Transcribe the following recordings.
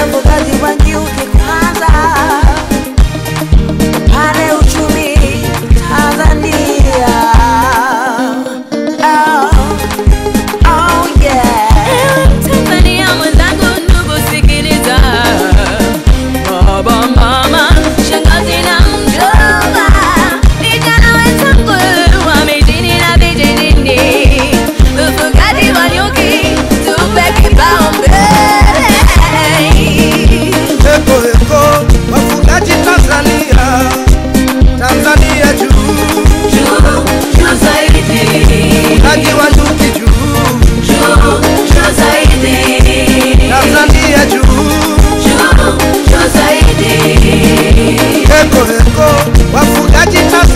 na kokadi wako wafugaji na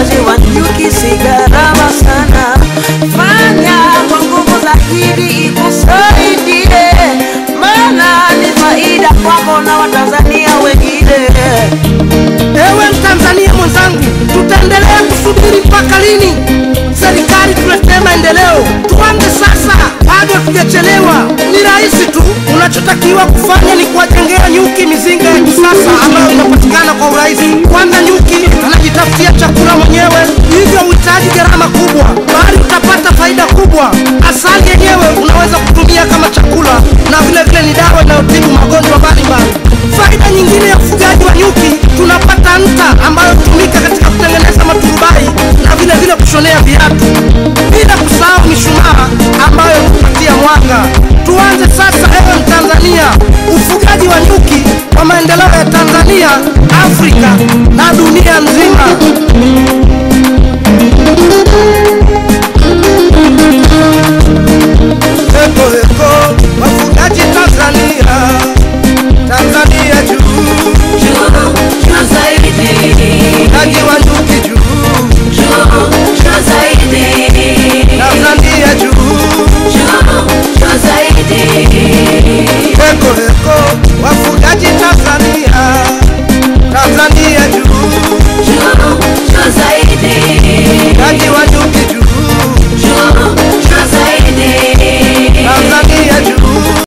wazazi wa nyuki si gharama sana. Fanya kwa nguvu zaidi ikusaidie, maana ni faida kwako na Watanzania wengine. Ewe Mtanzania mwenzangu, tutaendelea kusubiri mpaka lini serikali tuletee maendeleo? Tuanze sasa, bado hatujachelewa. Ni rahisi tu, unachotakiwa kufanya ni kuwajenga kubwa. Asali yenyewe unaweza kutumia kama chakula na vile vile ni dawa inayotibu magonjwa mbalimbali. Faida nyingine ya ufugaji wa nyuki, tunapata nta ambayo hutumika katika kutengeneza maturubai na vile vile kushonea viatu, bila kusahau mishumaa ambayo hupatia mwanga. Tuanze sasa, ewe Mtanzania, ufugaji wa nyuki kwa maendeleo ya Tanzania, Afrika na dunia nzima. ekoleko wafugaji tanzania